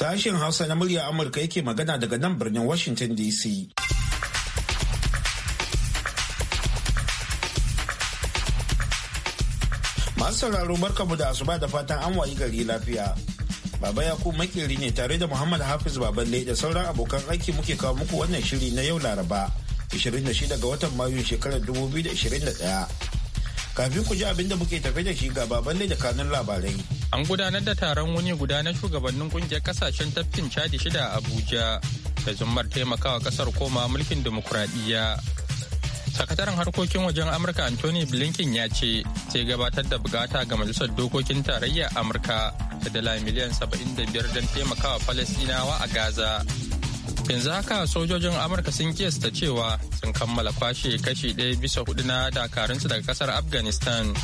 Sashen Hausa na murya Amurka yake magana daga nan birnin Washington DC. Masu sauraro barkamu da asuba da fatan an wayi gari lafiya. Baba Yakubu makeri ne tare da Muhammad Hafiz Baballe da sauran abokan aiki muke kawo muku wannan shiri na yau Laraba 26 ga watan Mayu shekarar 2021. kafin ku ji abin da muke tafe da shi ga baban da kanun labarai. An gudanar da taron wuni guda na shugabannin kungiyar kasashen tafkin Chadi shida a Abuja da zummar taimakawa kasar koma mulkin dimokuraɗiyya. Sakataren harkokin wajen Amurka Anthony Blinken ya ce sai gabatar da bukata ga majalisar dokokin tarayyar Amurka da dala miliyan 75 don taimakawa Falasɗinawa a Gaza. yanzu haka sojojin amurka sun kiyasta cewa sun kammala kwashe kashi ɗaya bisa hudu na dakarunsu daga kasar afghanistan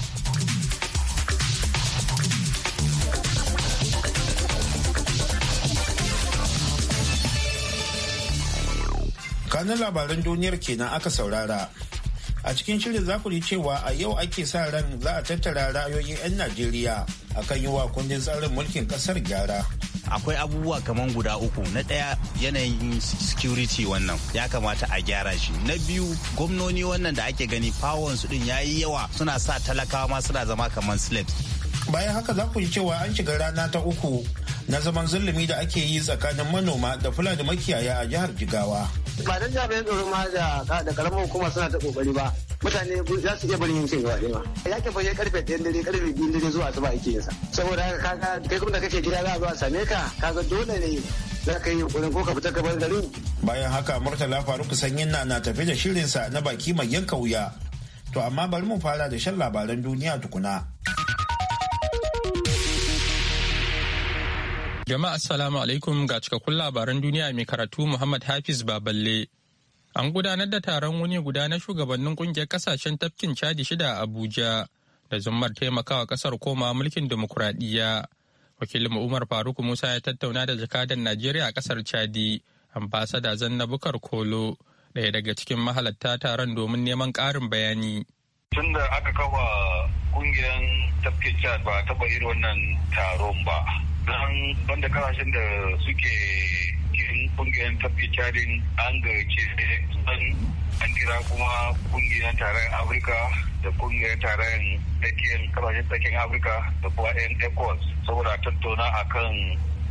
kanin labaran duniyar kenan aka saurara a cikin shirin zakuri cewa a yau ake sa ran za a tattara ra'ayoyin 'yan najeriya akan yi wa kundin tsarin mulkin kasar gyara akwai abubuwa kamar guda uku na ɗaya yanayin security wannan ya kamata a gyara shi na biyu gwamnoni wannan da ake gani pawon su din yayi yawa suna sa talakawa ma suna zama kamar slaves bayan haka za ku yi cewa an shiga rana ta uku na zaman zulumi da ake yi tsakanin manoma da fulani makiyaya a jihar jigawa ba don jami'an tsaro ma da karamar hukuma suna ta kokari ba mutane za su iya barin yankin gaba ɗaya ma yakin fa karfe ɗayan dare karfe biyu dare zuwa zuba ake yin sa saboda haka kaga kai kuma da kake gida za a zo a same ka kaga dole ne za ka yi yunkurin ko ka fita gaban garin bayan haka murtala faruk sanyin na na tafi da sa na baki mai yanka wuya to amma bari mu fara da shan labaran duniya tukuna jama'a assalamu alaikum ga cikakkun labaran duniya mai karatu muhammad hafiz baballe An gudanar da taron wuni guda na shugabannin kungiyar kasashen tafkin Chadi shida a Abuja da zummar taimakawa kasar koma mulkin demokuraɗiyya. Wakilin Umar Faruk Musa ya tattauna da jakadan Najeriya a kasar Chadi, ambasada Zannabukar Kolo, ɗaya daga cikin mahalatta taron domin neman ƙarin bayani. Tun aka kafa kungiyar tafkin Chad ba taɓa irin wannan taron ba. Don banda kasashen da suke 'yan kungiyar tafki cadin an gayyace an kira kuma kungiyar tarayyar afirka da kungiyar tarayyar tsakiyar kasashen tsakiyar afirka da kuma 'yan ecos saboda tattauna akan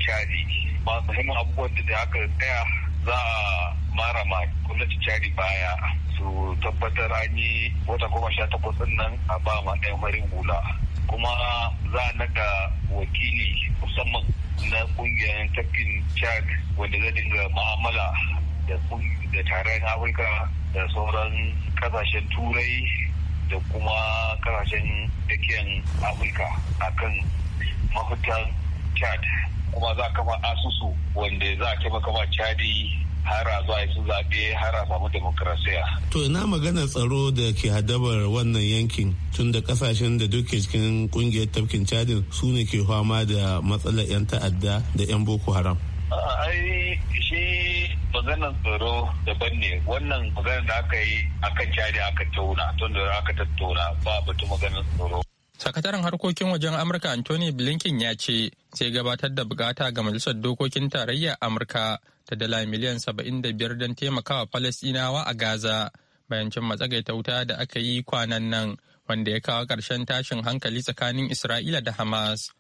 cadi masu muhimman abubuwan da aka tsaya za a mara ma gwamnati cadi baya su tabbatar an yi wata goma sha takwas nan a ba ma ɗayan farin hula kuma za a naɗa wakili musamman na ƙungiyar tafkin chad wanda zai dinga ma'amala da da tarayyar afirka da sauran kasashen turai da kuma kasashen dakiyan afirka akan mafitan chad kuma za a kafa asusu wanda za a taimaka ma chadi har a zuwa su zaɓe har a samu demokrasiya. To ina magana tsaro da ke hadabar wannan yankin tun da kasashen da duke cikin kungiyar tafkin cadin su ne ke fama da matsalar 'yan ta'adda da 'yan boko haram. Ai shi maganar tsaro daban ne wannan maganar da aka yi akan cadi aka tauna tun da aka tattauna ba batu maganar tsaro. Sakataren harkokin wajen Amurka Anthony Blinken ya ce sai gabatar da bukata ga Majalisar Dokokin Tarayya Amurka da dala miliyan 75 don taimakawa falasinawa a Gaza bayan cin matsagaita wuta da aka yi kwanan nan wanda ya kawo ƙarshen tashin hankali tsakanin Isra'ila da Hamas.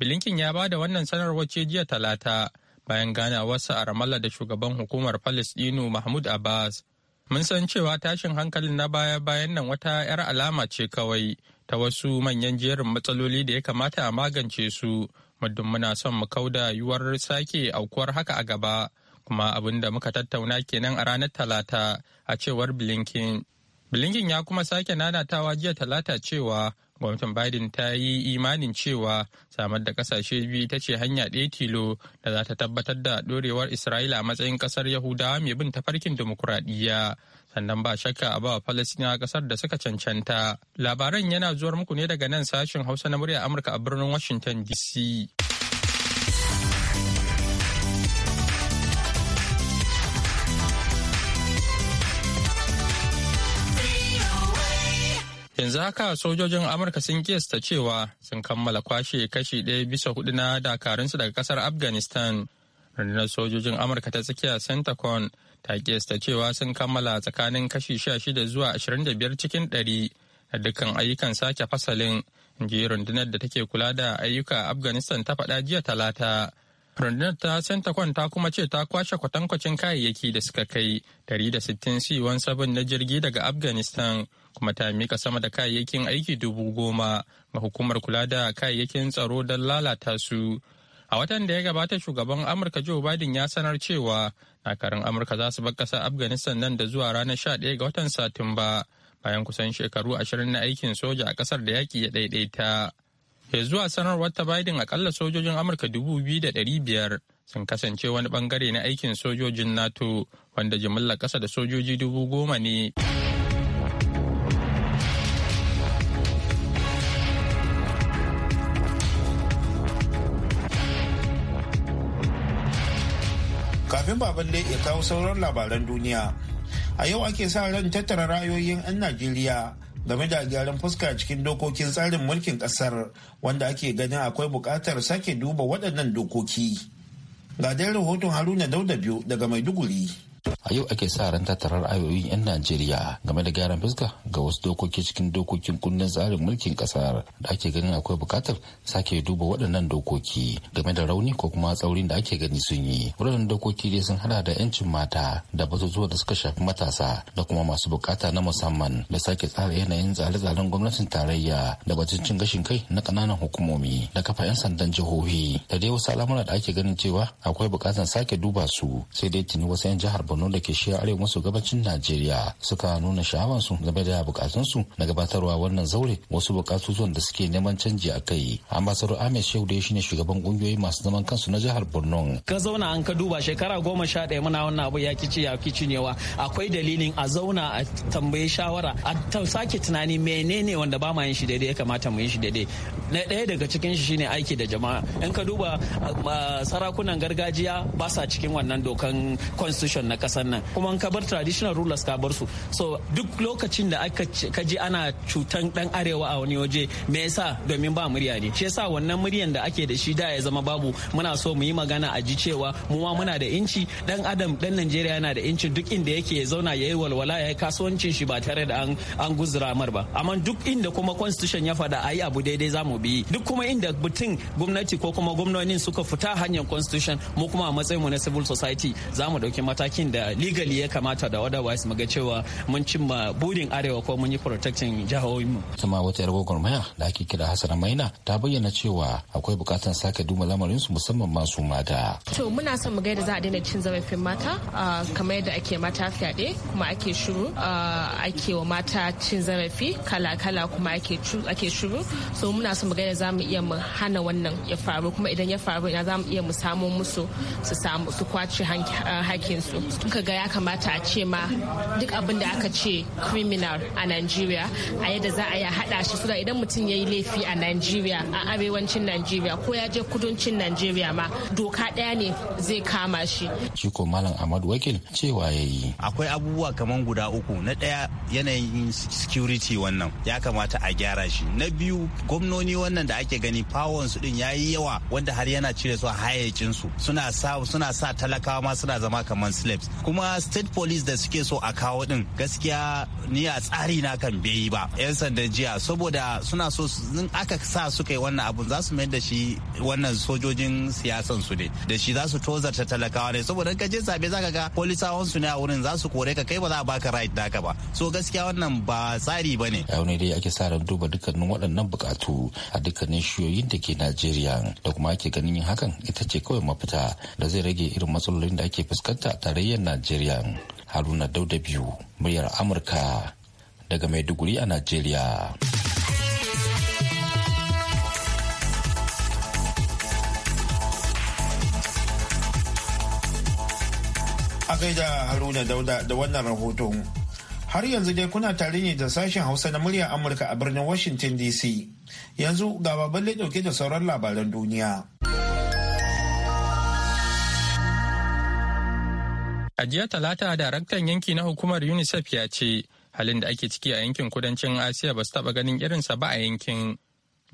Bilinkin ya ba da wannan sanarwar ce jiya talata bayan ganawarsa a Ramallah da shugaban hukumar Falasɗinu Mahmud Abbas. Mun san cewa tashin hankalin na baya-bayan nan wata 'yar alama ce kawai ta wasu manyan jerin matsaloli da ya kamata a magance su muddin muna son mu kauda yuwar sake aukuwar haka a gaba kuma abin da muka tattauna kenan a ranar talata a cewar blinken blinken ya kuma sake nanatawa jiya talata cewa gwamnatin biden ta yi imanin cewa samar da kasashe biyu ita ce hanya ɗaya tilo da za ta tabbatar da ɗorewar isra'ila a matsayin ƙasar yahudawa mai bin tafarkin dimokuraɗiyya sannan ba shakka a bawa falastina ƙasar da suka cancanta labaran yana zuwar muku ne daga nan sashen hausa na murya amurka a birnin washington dc yanzu haka sojojin amurka sun kiyasta cewa sun kammala kwashe kashi ɗaya bisa hudu na dakarunsu daga kasar afghanistan rundunar sojojin amurka ta tsakiya centacon ta kiyasta cewa sun kammala tsakanin kashi sha shida zuwa ashirin da biyar cikin ɗari da dukkan ayyukan sake fasalin ji rundunar da take kula da ayyuka afghanistan ta faɗa jiya talata rundunar ta centacon ta kuma ce ta kwashe kwatankwacin kayayyaki da suka kai 160 c sabon na jirgi daga afghanistan kuma ta mika sama da kayayyakin aiki dubu goma ga hukumar kula da kayayyakin tsaro don lalata su a watan da ya gabata shugaban amurka joe biden ya sanar cewa dakarun amurka za su bar ƙasar afghanistan nan da zuwa ranar 11 ga watan satumba bayan kusan shekaru ashirin na aikin soja a kasar da yaƙi ya ɗaiɗaita. Ya zuwa sanarwar ta Biden akalla sojojin Amurka dubu biyu da ɗari biyar sun kasance wani bangare na aikin sojojin NATO wanda jimillar ƙasa da sojoji dubu goma ne. kafin baban da ya kawo sauran labaran duniya a yau ake sa ran tattara ra'ayoyin 'yan najeriya game da gyaran fuska cikin dokokin tsarin mulkin kasar wanda ake ganin akwai buƙatar sake duba waɗannan dokoki ga dai rahoton haruna dauda biyu daga maiduguri a yau ake sa ran tattarar ayoyin 'yan najeriya game da gyaran fuska ga wasu dokoki cikin dokokin kundin tsarin mulkin kasar da ake ganin akwai bukatar sake duba waɗannan dokoki game da rauni ko kuma tsaurin da ake gani sun yi waɗannan dokoki dai sun hada da 'yancin mata da batutuwa da suka shafi matasa da kuma masu bukata na musamman da sake tsara yanayin tsare-tsaren gwamnatin tarayya da batun cin gashin kai na ƙananan hukumomi da kafa 'yan sandan jihohi da dai wasu al'amura da ake ganin cewa akwai bukatar sake duba su sai dai tuni wasu 'yan jihar borno da ke shiya arewa maso gabacin najeriya suka nuna su game da bukatunsu na gabatarwa wannan zaure wasu bukatun da suke neman canji a kai ambasador ahmed shehu da shine shugaban kungiyoyi masu zaman kansu na jihar borno ka zauna an ka duba shekara goma sha ɗaya muna wannan abu ya kici ya kici newa akwai dalilin a zauna a tambayi shawara a sake tunani menene wanda ba ma yin shi daidai ya kamata mu yi shi daidai na ɗaya daga cikin shi shine aiki da jama'a in ka duba um, uh, sarakunan gargajiya ba sa cikin wannan dokan constitution na kasar nan kuma ka bar traditional rulers ka bar su so duk lokacin da aka ka ji ana cutan dan arewa a wani waje me yasa domin ba murya ne shi yasa wannan muryan da ake da shi da ya zama babu muna so mu yi magana a ji cewa mu ma muna da inci dan adam dan Najeriya yana da inci duk inda yake ya zauna yayi walwala yayi kasuwancin shi ba tare da an an guzura mar ba amma duk inda kuma constitution ya faɗa ayi abu daidai zamu bi duk kuma inda mutum gwamnati ko kuma gwamnonin suka fita hanyar constitution mu kuma a matsayin mu na civil society zamu dauki matakin da legally ya kamata da otherwise mu ga cewa mun cimma burin arewa ko mun yi protecting jihohinmu. Sama wata yar gwagwarmaya da ake kira Hassan Maina ta bayyana cewa akwai bukatar sake duba lamarin su musamman masu mata. To muna son mu ga yadda za a daina cin zarafin mata kamar yadda ake mata fyaɗe kuma ake shuru ake wa mata cin zarafi kala-kala kuma ake shuru so muna son mu ga yadda za mu iya mu hana wannan ya faru kuma idan ya faru ina za mu iya mu samo musu su samu su kwace hakinsu kuka ga ya kamata a ce ma duk abin da aka ce criminal a nigeria a yadda za a yi hada shi suna idan mutum ya yi laifi a nigeria a arewacin nigeria ko ya je kudancin Najeriya ma doka ɗaya ne zai kama shi. Shi Malam Ahmad Wakil cewa ya yi. Akwai abubuwa kamar guda uku na ɗaya yanayin security wannan ya kamata a gyara shi. Na biyu gwamnoni wannan da ake gani power su din yayi yawa wanda har yana cire su a hayyacin su suna sa suna sa talakawa ma suna zama kamar slaves kuma state police da suke so a kawo din gaskiya ni a tsari na kan bai ba yan sanda jiya saboda suna so in aka sa su yi wannan abun za su mayar da shi wannan sojojin siyasan su ne da shi za su tozarta talakawa ne saboda ka je zabe zaka ga polisawan su ne a wurin za su kore ka kai ba za a baka right ka ba so gaskiya wannan ba tsari ba ne. yau ne dai ake sa ran duba dukkanin waɗannan bukatu a dukkanin shiyoyin da ke najeriya da kuma ake ganin hakan ita ce kawai mafita da zai rage irin matsalolin da ake fuskanta tare tarayyar tarayyar najeriya haruna dauda biyu muryar amurka daga maiduguri a najeriya a gaida haruna dauda da wannan rahoton har yanzu dai kuna tare ne da sashen hausa na muryar amurka a birnin washington dc yanzu ga baballe dauke da sauran labaran duniya A jiya Talata daraktan yanki na hukumar UNICEF ya ce halin da ake ciki a yankin kudancin Asiya ba su taɓa ganin irinsa ba a yankin.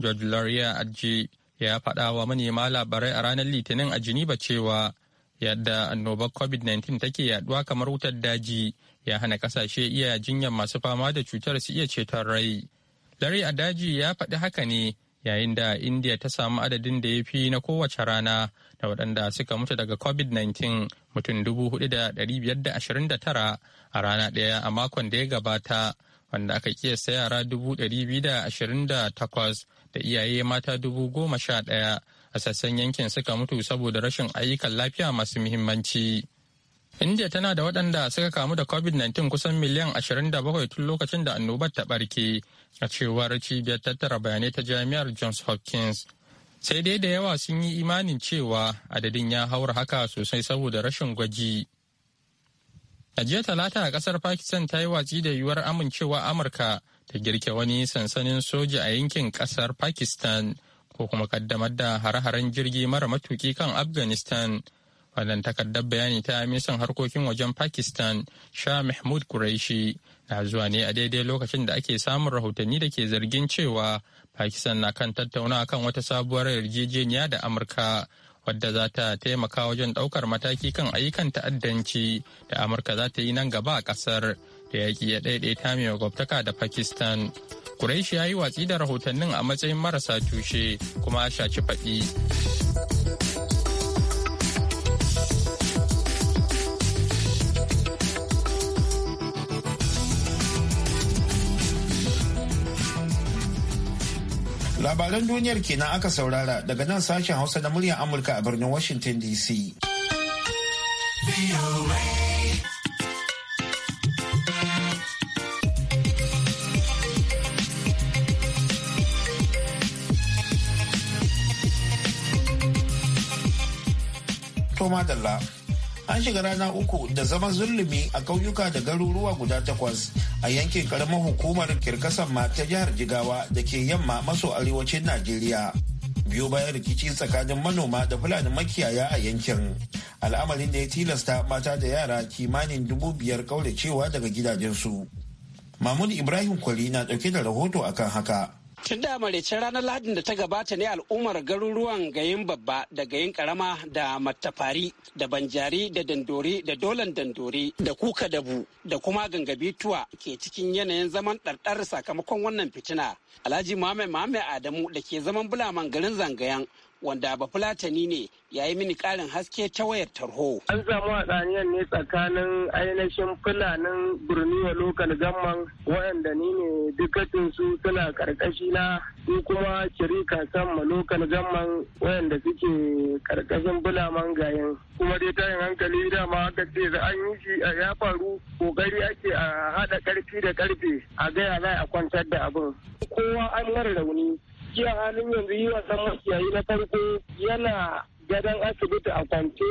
George Laurier Adji ya faɗa wa manema labarai a ranar Litinin a Geneva cewa yadda annobar COVID-19 take yaduwa kamar wutar daji ya hana kasashe iya jinyar masu fama da cutar su iya ceton rai. a daji ya faɗi haka ne yayin da india ta samu adadin da ya fi na kowace rana da waɗanda suka mutu daga covid-19 mutum 4,529 a rana ɗaya a makon da ya gabata wanda aka kiyasta yara 228 da iyaye mata 11,000 a sassan yankin suka mutu saboda rashin ayyukan lafiya masu muhimmanci. India tana da waɗanda suka kamu da COVID-19 kusan miliyan 27 tun lokacin da annobar ta ɓarke, a cewar cibiyar tattara bayanai ta jami'ar Johns Hopkins. Sai dai da yawa sun yi imanin cewa adadin ya haura haka sosai saboda rashin gwaji. A jiya talata a ƙasar Pakistan ta yi watsi da yiwuwar amincewa Amurka ta girke wani sansanin soja a yankin ƙasar Pakistan ko kuma kaddamar da hare-haren jirgi mara matuki kan Afghanistan. wannan takardar bayani ta misan harkokin wajen pakistan shah mahmud Qureshi na zuwa ne a daidai lokacin da ake samun rahotanni da ke zargin cewa pakistan na kan tattauna kan wata sabuwar yarjejeniya da amurka wadda za ta taimaka wajen daukar mataki kan ayyukan ta'addanci da amurka za ta yi nan gaba a kasar da yaƙi ya ɗaiɗaita mai gwabtaka da pakistan Kureishi ya yi watsi da rahotannin a matsayin marasa tushe kuma a shaci faɗi. labaran duniyar kenan aka saurara daga nan sashen hausa na muryar amurka a birnin washington dc Toma Dalla an shiga rana uku da zama zulumi a ƙauyuka da garuruwa guda takwas a yankin karamar hukumar kirkasan ta jihar jigawa da ke yamma maso arewacin najeriya biyo bayan rikici tsakanin manoma da fulani makiyaya a yankin al'amarin da ya tilasta mata da yara kimanin dubu biyar cewa daga gidajensu mamun ibrahim kwali na dauke da rahoto akan haka Tun da maraicin ranar Lahadin da ta gabata ne al'ummar garuruwan gayin babba da gayin karama da matafari da banjari da dandori da dolan dandori da kuka dabu da kuma gangabituwa ke cikin yanayin zaman ɗarɗar sakamakon wannan fitina. Alhaji Muhammad Muhammad Adamu da ke zaman bulaman garin zangayan wanda ba fulatani ne ya yi mini ƙarin haske ta wayar tarho. An samu hatsaniyar ne tsakanin ainihin fulanin Burniya lokal gamman waɗanda ni ne dukkaninsu su suna karkashi na su kuma kirika sama lokal gamman waɗanda suke karkashin bulaman gayen. Kuma dai tayin hankali dama aka ce da an yi shi ya faru kokari ake a haɗa ƙarfi da ƙarfe a gaya za a kwantar da abin. Kowa an mara rauni gaskiya halin yanzu yi wa wasan makiyayi na farko yana gadon asibiti a kwance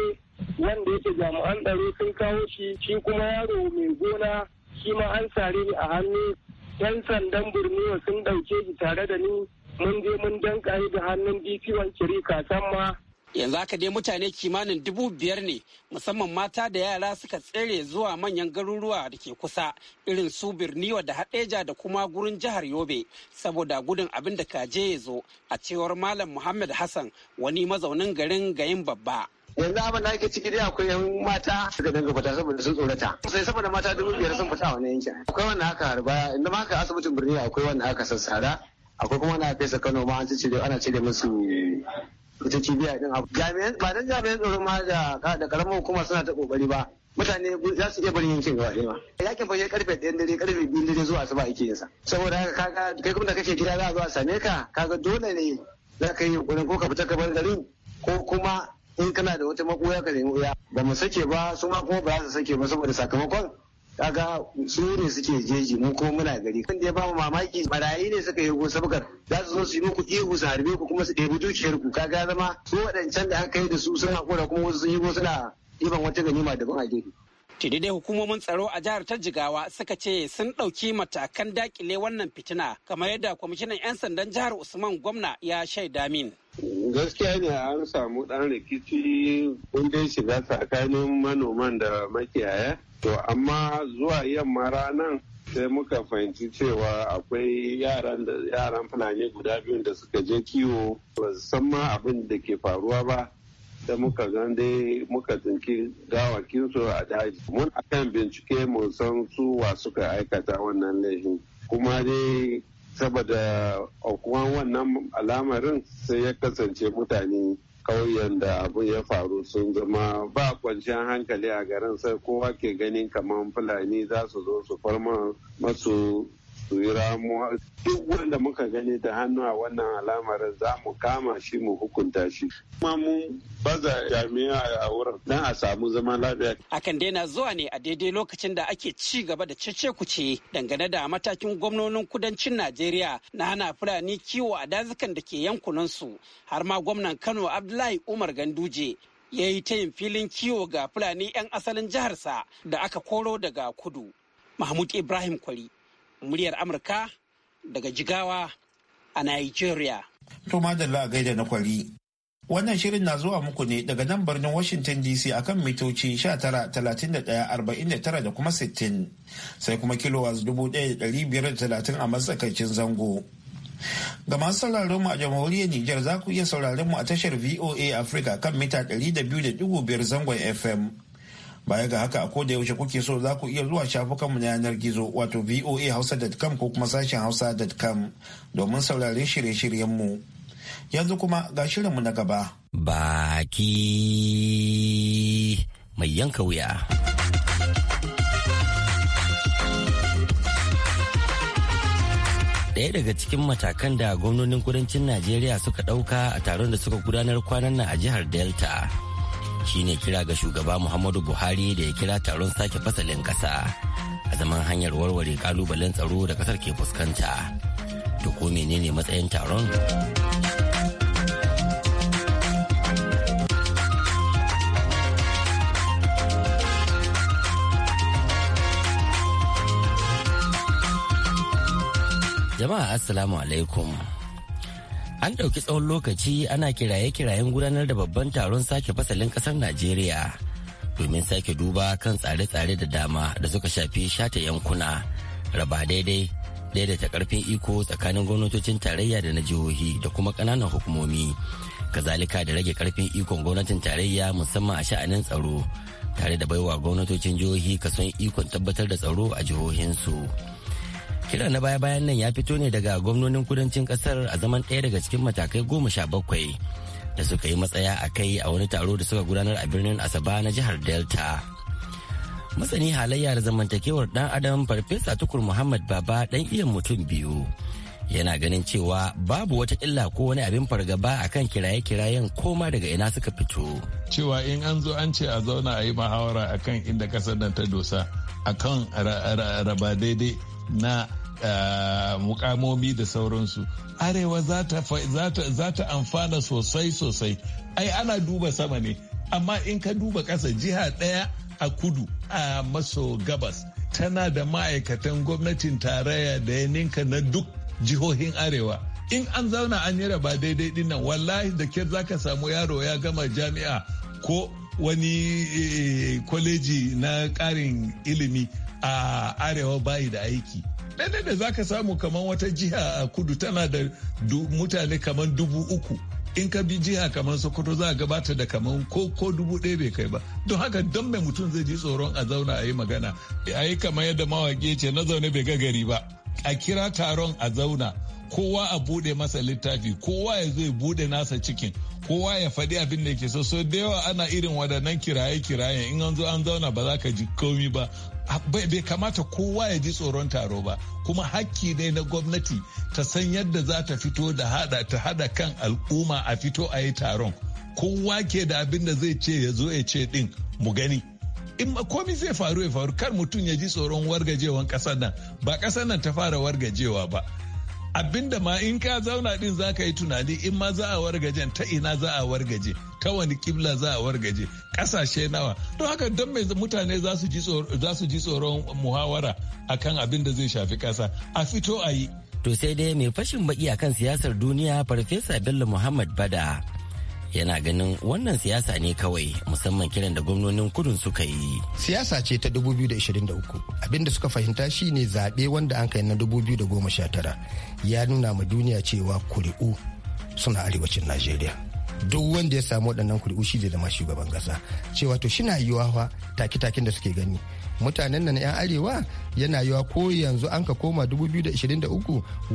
wanda yake jami'an tsaro sun kawo shi shi kuma yaro mai gona shi ma an sare ni a hannu yan sandan birniwa sun ɗauke shi tare da ni mun je mun danka da hannun dp wan kiri kasan ma yanzu haka dai mutane kimanin dubu biyar ne musamman mata da yara suka tsere zuwa manyan garuruwa da ke kusa irin su birniwa da hadeja da kuma gurin jihar yobe saboda gudun abin da kaje ya zo a cewar malam muhammad hassan wani mazaunin garin gayin babba yanzu abin da ake ciki dai akwai yan mata suka dinga fita saboda sun tsorata sai saboda mata dubu biyar sun fita wani yankin akwai wanda aka harba inda ma aka asibitin birni akwai wanda aka sassara akwai kuma wanda haka fesa kano ma an cire ana cire musu ita cibiya din abu jami'an ba dan jami'an tsaron ma da da karamar hukuma suna ta kokari ba mutane za su iya barin yankin gaba ɗaya yakin fage karfe ɗaya dare karfe biyu dare zuwa asuba ake yin sa saboda haka kaga kai kuma da kake gida za a zo a same ka kaga dole ne za ka yi yunkurin ko ka fita ka bar garin ko kuma in kana da wata makoya ka nemi wuya ba mu sake ba su ma kuma ba za su sake ba saboda sakamakon kaga su ne suke jeji mu ko muna gari kan da ya bamu mamaki marayu ne suka yi go sabgar za su zo su yi muku ihu su harbe ku kuma su ɗebi dukiyar ku kaga zama su waɗancan da aka yi da su sun haƙura kuma wasu sun yi go suna ɗiban wata ganima daban a gefe Tididai hukumomin tsaro a jihar ta Jigawa suka ce sun ɗauki matakan dakile wannan fitina kamar yadda kwamishinan 'yan sandan jihar Usman gwamna ya shaida min. Gaskiya ne an samu ɗan rikici wanda shiga tsakanin manoman da makiyaya. To amma zuwa yamma ranar sai muka fahimci cewa akwai yaran da yaran fulani guda biyu da suka je kiwo ba san ma abin da ke faruwa ba da muka gan dai muka tsinki su a daji mun akan bincike mu san su wa suka aikata wannan laifin kuma dai saboda aukuwan wannan alamarin sai ya kasance mutane kauyen da abu ya faru sun zama ba kwanciyar hankali a garin sai kowa ke ganin kamar fulani za su zo su farma masu su duk wanda muka gani da hannu a wannan al'amarin za mu kama shi mu hukunta shi kuma mun baza jami'a a wurin don a samu zaman lafiya hakan dai na zuwa ne a daidai lokacin da ake ci gaba da cece kuce dangane da matakin gwamnonin kudancin najeriya na hana fulani kiwo a dazukan da ke yankunan su har ma gwamnan kano abdullahi umar ganduje ya yi yin filin kiwo ga fulani 'yan asalin jiharsa da aka koro daga kudu mahmud ibrahim kwari muryar Amurka daga Jigawa a Nigeria. To madalla gaida na kwari. Wannan shirin na zuwa muku ne daga nan birnin Washington DC akan mitoci 19,31,49 da kuma 60 sai kuma kilowas 1,530 a matsakaicin zango. Ga masu sauraron mu a jamhuriyar Nijar za ku iya sauraron mu a tashar VOA Africa kan mita 200.5 zangon FM. Baya ga haka a ko da yaushe kuke so za ku iya zuwa shafukanmu na yanar gizo wato voahausa.com ko kuma sashen hausa.com domin saurare shirye shiryen mu Yanzu kuma ga shirin shirinmu na gaba. Baki mai yanka wuya. ɗaya daga cikin matakan da gwamnonin kudancin najeriya suka ɗauka a taron da suka gudanar kwanan nan a jihar delta shine kira ga shugaba muhammadu buhari da ya kira taron sake fasalin ƙasa a zaman hanyar warware kalubalen tsaro da ƙasar ke fuskanta to ko menene matsayin taron jama'a assalamu alaikum An ɗauki tsawon lokaci ana kiraye-kirayen gudanar da babban taron sake fasalin ƙasar Najeriya domin sake duba kan tsare-tsare da dama da suka shafi shata yankuna raba daidai daidaita karfin iko tsakanin gwamnatocin tarayya da na jihohi da kuma ƙananan hukumomi kazalika da rage karfin ikon gwamnatin tarayya musamman a sha'anin tsaro tare da baiwa gwamnatocin jihohi kason ikon tabbatar da tsaro a jihohinsu. kira na baya-bayan nan ya fito ne daga gwamnonin kudancin kasar a zaman ɗaya daga cikin matakai goma sha bakwai da suka yi matsaya a kai a wani taro da suka gudanar a birnin Asaba na jihar Delta. Masani halayya da zamantakewar ɗan adam Farfesa Tukur Muhammad Baba ɗan iya mutum biyu. yana ganin cewa babu wata illa ko wani abin fargaba a kan kiraye-kirayen koma daga ina suka fito. Cewa in an zo an ce a zauna a yi muhawara a kan inda kasar nan ta dosa a kan raba daidai na eh, mukamomi da sauransu arewa za ta amfana sosai sosai ai ana duba sama ne amma in ka duba kasa jiha ɗaya a kudu a maso gabas tana da ma'aikatan gwamnatin tarayya da ya ninka na duk jihohin arewa in an zauna an yi raba daidai dinnan wallahi da kyar za ka samu yaro ya gama jami'a ko wani eh, kwaleji na ƙarin ilimi a arewa bayi da aiki ɗanɗan da za ka samu kamar wata jiha a kudu tana da mutane kamar dubu uku in ka bi jiha kamar sokoto za a gabata da kamar ko ko dubu ɗaya bai kai ba don haka don mai mutum zai ji tsoron a zauna a yi magana a yi kamar yadda mawaƙi ce na zaune bai ga gari ba a kira taron a zauna kowa a bude masa littafi kowa ya zo ya bude nasa cikin kowa ya faɗi abin da ke so so da yawa ana irin waɗannan kiraye kiraye in an zo an zauna ba za ka ji komi ba ah, bai kamata kowa ya ji tsoron taro ba kuma hakki dai na gwamnati ta san yadda za ta fito da hada ta hada kan al'umma a fito a yi taron kowa ke da abin da zai ce ya zo ya ce din mu gani in komi zai faru ya faru kar mutum ya ji tsoron wargajewan kasar nan ba kasar nan ta fara wargajewa ba abinda ma in ka zauna din za ka yi tunani in ma za a wargajen ta ina za a wargaje ta wani kibla za a wargaje kasashe nawa don haka don mai mutane za su ji tsoron muhawara akan abin da zai shafi ƙasa a fito a yi to sai dai mai fashin baki akan siyasar duniya farfesa bello muhammad bada yana ganin wannan siyasa ne kawai musamman kiran da gwamnonin kudun suka yi siyasa ce ta 2023 abinda suka fahimta shi ne zaɓe wanda an kai na 2019 ya nuna ma duniya cewa kuri'u suna arewacin najeriya duk wanda ya samu waɗannan kuri'u shi zai zama shugaban ƙasa cewa to shina yiwuwa take-taken da suke gani mutanen na 'yan arewa yana yiwa ko yanzu an ka koma 2023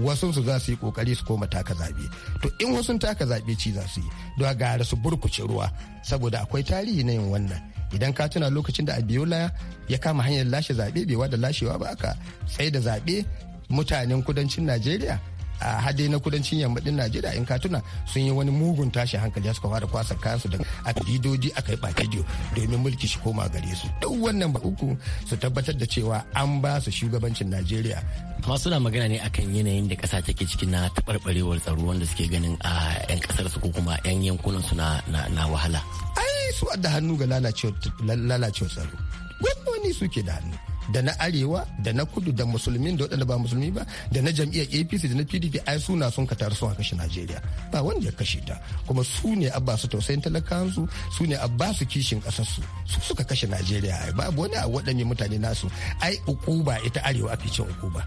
wasu su za su yi kokari su koma taka zabe to in wasu taka zabe ci za su yi don gara su burkuce ruwa saboda akwai tarihi na yin wannan idan ka tuna lokacin da abiola ya kama hanyar lashe zabe bai wada lashewa ba aka sai da zabe mutanen kudancin najeriya a hadai na kudancin yamma najeriya in katuna sun yi wani mugun tashi hankali suka fara kwasa kayansu da a didoji kai yi bakidiyo domin mulki shi koma gare su duk wannan ba uku su tabbatar da cewa an ba su shugabancin najeriya kuma suna magana ne akan yanayin da kasa take cikin na taɓarɓarewar tsaro wanda suke ganin a 'yan kasar su ko kuma 'yan yankunan su na wahala ai su da hannu ga lalacewar tsaro gwamnoni suke da hannu da na arewa da na kudu da musulmin da waɗanda ba musulmi ba da na jam'iyyar apc da na pdp ai suna sun ka taru sun kashe najeriya ba wanda ya kashe ta kuma su ne ba su tausayin talakansu su ne a su kishin ƙasarsu su suka kashe najeriya ai babu wani a waɗanne mutane nasu ai ukuba ita arewa ake cin ukuba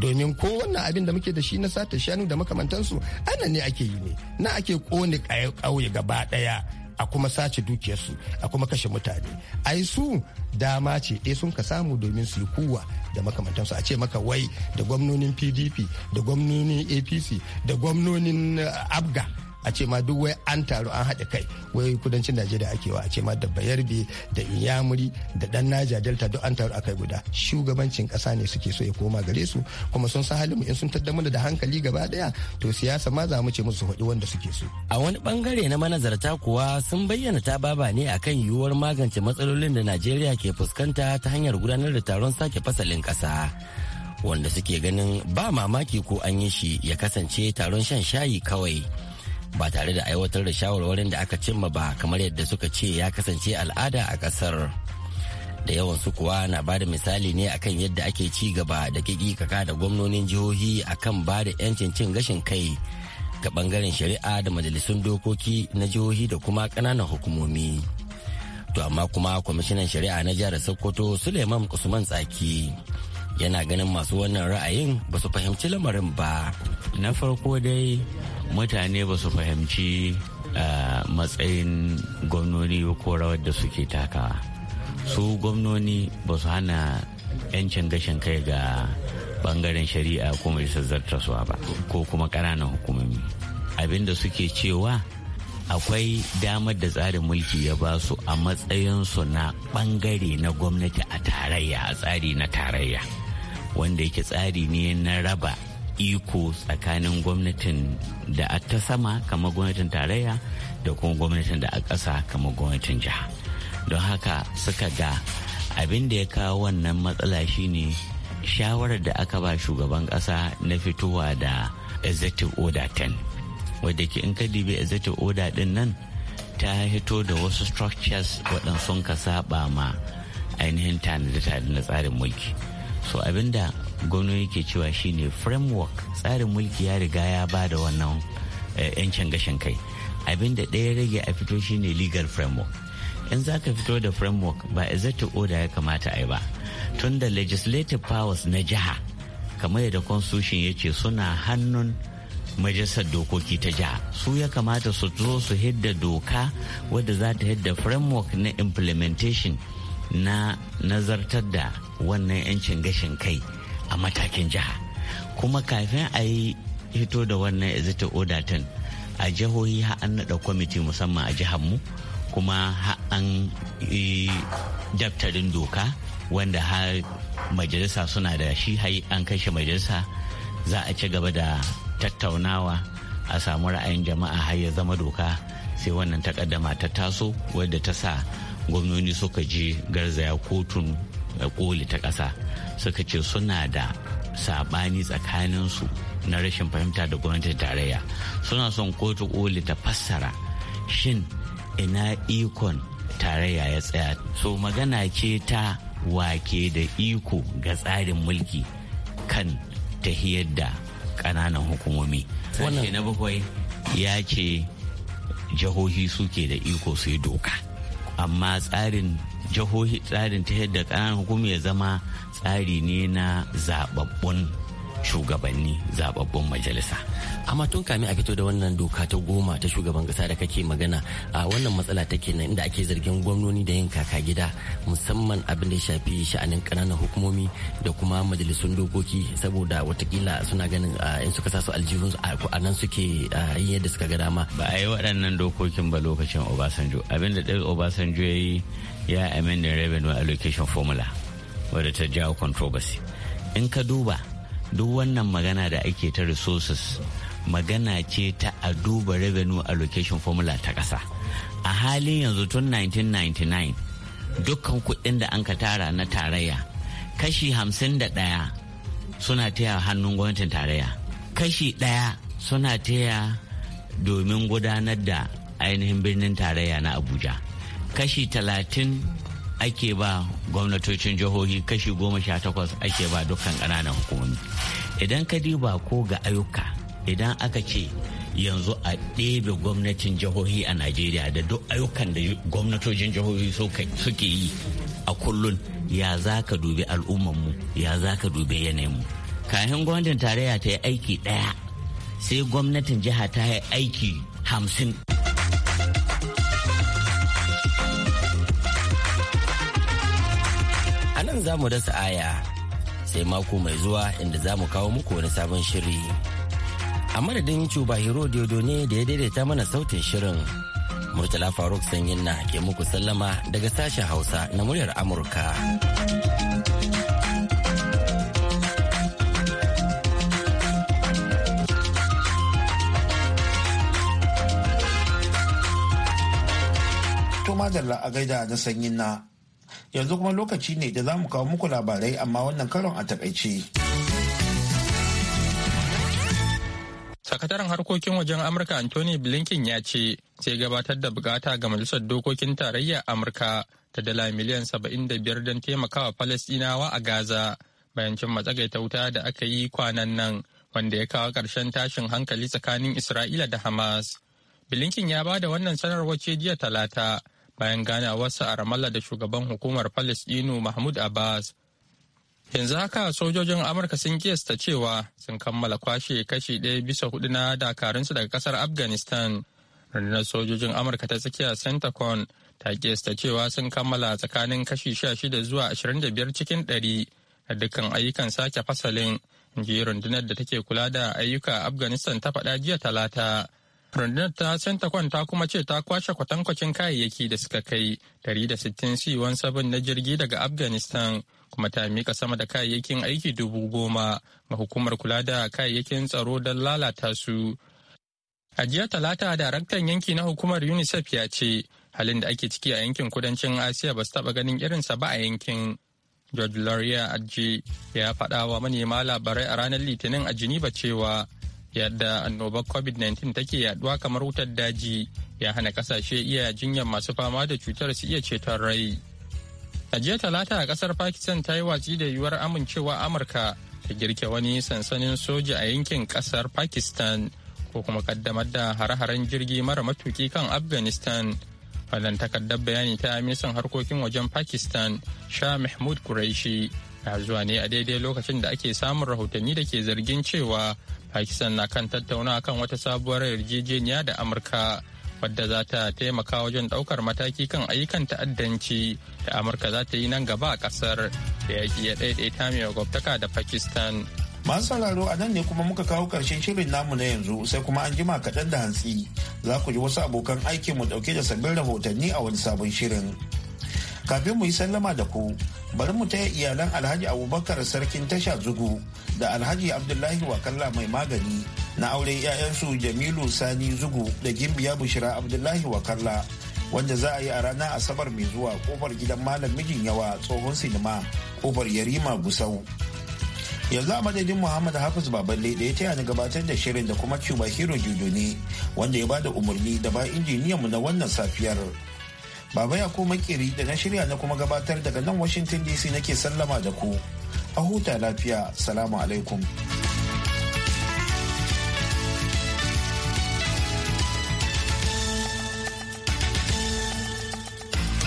domin ko wannan abin da muke da shi na sata shanu da makamantansu ana ne ake yi ne na ake kone ƙauye gaba ɗaya a kuma sace dukiyarsu a kuma kashe mutane ai su dama ce ɗaya eh sun ka samu domin su yi kuwa da makamantansu a ce maka wai da gwamnonin pdp da gwamnonin apc da gwamnonin eh, abga a ce ma duk wai an taru an haɗa kai wai kudancin najeriya ake wa a ce ma da bayarbe da inyamuri da dan naja delta duk an taru a kai guda shugabancin ƙasa ne suke so ya koma gare su kuma sun san halin mu in sun taddamu da hankali gaba daya to siyasa ma za mu ce musu faɗi wanda suke so a wani bangare na manazarta kuwa sun bayyana ta baba ne akan yiwuwar magance matsalolin da najeriya ke fuskanta ta hanyar gudanar da taron sake fasalin ƙasa wanda suke ganin ba mamaki ko an yi shi ya kasance taron shan shayi kawai ba tare da aiwatar da shawarwarin da aka cimma ba kamar yadda suka ce ya kasance al'ada a kasar da yawan su kuwa na ba da misali ne akan yadda ake ci gaba da kikikaka da gwamnonin jihohi akan ba da 'yancin cin gashin kai ga bangaren shari'a da majalisun dokoki na jihohi da kuma ƙananan hukumomi to amma kuma kwamishinan shari'a na jihar sokoto suleiman usman tsaki yana ganin masu wannan ra'ayin ba su fahimci lamarin ba na farko dai mutane ba su fahimci eh, matsayin gwamnoni ko rawar da suke takawa su gwamnoni ba su hana 'yancin gashin kai ga bangaren shari'a ko majalisar zartaswa ba ko kuma ƙananan hukumomi abin da suke cewa akwai damar da tsarin mulki ya ba su a matsayinsu na bangare na gwamnati a tarayya a tsari na tarayya wanda yake tsari ne na raba iko tsakanin gwamnatin da ta sama kamar gwamnatin tarayya da kuma gwamnatin da a ƙasa kamar gwamnatin jiha don haka suka ga abin da ya kawo wannan matsala shine shawarar da aka ba shugaban ƙasa na fitowa da executive order 10 wadda ke in ka dibi executive order din nan ta hito da wasu structures waɗansu ka saba ma ainihin tanadi-tanadi na tsarin mulki so abinda gwamnati yake cewa shine framework tsarin mulki ya riga ya ba da wannan eh, yancin gashin kai abinda da ɗaya rage a fito shine legal framework in za ka fito da framework ba executive oda ya kamata a yi ba tun da legislative powers na jiha kamar yadda constitution ya ce suna hannun majalisar dokoki ta jiha su ya kamata su zo su hidda doka wadda za ta hidda framework na implementation na nazartar da wannan 'yancin gashin kai a matakin jiha kuma kafin a yi hito da wannan exit order ten a jihohi an naɗa kwamiti musamman a jihar mu kuma an daftarin doka wanda har majalisa suna da shi hai an kashe majalisa za a ci gaba da tattaunawa a samu ra'ayin jama'a har ya zama doka sai wannan takaddama ta taso wadda ta sa gwamnoni suka je garzaya kotun eh, koli ta ƙasa suka ce suna da saɓani tsakaninsu na rashin fahimta da gwamnatin tarayya suna son kotu koli ta fassara shin ina ikon tarayya ya tsaya so magana ce ta wake da iko ga tsarin mulki kan tahiyar da kananan hukumomi sashe na bakwai ya ce jihohi suke da iko su yi doka amma tsarin jihohi tsarin ta yadda ƙananan hukumi ya zama tsari ne na zababbun shugabanni zababbun majalisa amma tun kame a fito da wannan doka ta goma ta shugaban kasa da kake magana a wannan matsala take nan inda ake zargin gwamnoni da yin kaka gida musamman abin da ya shafi sha'anin kananan hukumomi da kuma majalisun dokoki saboda watakila suna ganin in suka sa su aljihun a nan suke yin yadda suka ga dama ba a yi waɗannan dokokin ba lokacin obasanjo abin da ɗaya obasanjo ya yi ya amendin revenue allocation formula wadda ta jawo controversy in ka duba duk wannan magana da ake ta resources magana ce ta a duba revenue allocation formula ta ƙasa a halin yanzu tun 1999 dukkan kuɗin da an ka tara na tarayya kashi 51 suna taya hannun gwamnatin tarayya kashi ɗaya suna taya domin gudanar da ainihin birnin tarayya na abuja kashi talatin ake ba gwamnatocin jihohi kashi goma sha takwas ake ba dukkan ƙananan hukumomi idan ka diba ko ga ayyuka idan aka ce yanzu a ɗebe gwamnatin jihohi a najeriya da duk ayyukan da gwamnatocin jihohi suke yi a kullun ya za ka dubi al'ummanmu ya za ka dubi yanayinmu kayan gwamnatin tarayya ta yi aiki ɗaya sai gwamnatin jiha ta yi aiki hamsin anan nan za mu dasa aya sai mako mai zuwa inda za mu kawo muku wani sabon shiri a madadin cuba hero diodo ne da ya daidaita mana sautin shirin murtala faruk sanyin na ke muku sallama daga sashen hausa na muryar amurka Tuma madalla a gaida da sanyin na yanzu kuma lokaci ne da za mu kawo muku labarai amma wannan karon a takaice. sakataren harkokin wajen amurka anthony blinken ya ce sai gabatar da bukata ga majalisar dokokin tarayya amurka ta dala miliyan 75 don taimakawa falastinawa a gaza bayan cin matsagaita wuta da aka yi kwanan nan wanda ya kawo ƙarshen tashin hankali tsakanin isra'ila da hamas blinken ya ba da wannan sanarwar jiya talata bayan ganawarsa a ramallah da shugaban hukumar palestino mahmud abbas yanzu haka sojojin amurka sun kiyasta cewa sun kammala kwashe kashi ɗaya bisa hudu na dakarunsu daga kasar afghanistan rundunar sojojin amurka ta tsakiya centacon ta kiyasta cewa sun kammala tsakanin kashi sha shida zuwa ashirin da biyar cikin ɗari da dukkan ayyukan sake fasalin ji rundunar da take kula da ayyuka afghanistan ta faɗa jiya talata rundunar ta santa ta kuma ce ta kwashe kwatankwacin kayayyaki da suka kai 160 c sabon na jirgi daga afghanistan kuma ta mika sama da kayayyakin aiki dubu goma ma hukumar kula da kayayyakin tsaro don lalata su a jiya talata daraktan yanki na hukumar unicef ya ce halin da ake ciki a yankin kudancin asiya ba su taba ganin irinsa ba a yankin george lauria aji ya faɗa wa manema labarai a ranar litinin a geneva cewa yadda annobar covid-19 take yaduwa kamar wutar daji ya hana kasashe iya jinyar masu fama da cutar su iya ceton rai a jiya talata a kasar pakistan ta yi watsi da yiwuwar amincewa amurka ta girke wani sansanin soja a yankin kasar pakistan ko kuma kaddamar da hare-haren jirgi mara matuki kan afghanistan wannan takardar bayani ta ministan harkokin wajen pakistan shah mahmud kureshi na zuwa ne a daidai lokacin da ake samun rahotanni da ke zargin cewa Pakistan na kan tattauna kan wata sabuwar yarjejeniya da Amurka wadda za ta taimaka wajen ɗaukar mataki kan ayyukan ta'addanci da Amurka za ta yi nan gaba a ƙasar da ɗaya ya ɗaiɗaita mai gwabtaka da Pakistan. Masu sauraro a nan ne kuma muka kawo ƙarshen shirin namu na yanzu sai kuma an jima kaɗan da hantsi za ku ji wasu abokan aikinmu ɗauke da sabbin rahotanni a wani sabon shirin. kafin mu yi sallama da ku bari mu taya iyalan alhaji abubakar sarkin tasha zugu da alhaji abdullahi wakalla mai magani na auren 'ya'yansu jamilu sani zugu da gimbiya bushira abdullahi wakalla wanda za a yi a ranar asabar mai zuwa kofar gidan malam mijin yawa tsohon sinima kofar yarima gusau yanzu a madadin muhammad hafiz baballe da ya taya ni gabatar da shirin da kuma cuba hero judo ne wanda ya bada umarni da ba injiniyanmu na wannan safiyar Baba ya ko makeri da na shirya na kuma gabatar daga nan Washington DC nake sallama da ku. A huta lafiya, salamu alaikum.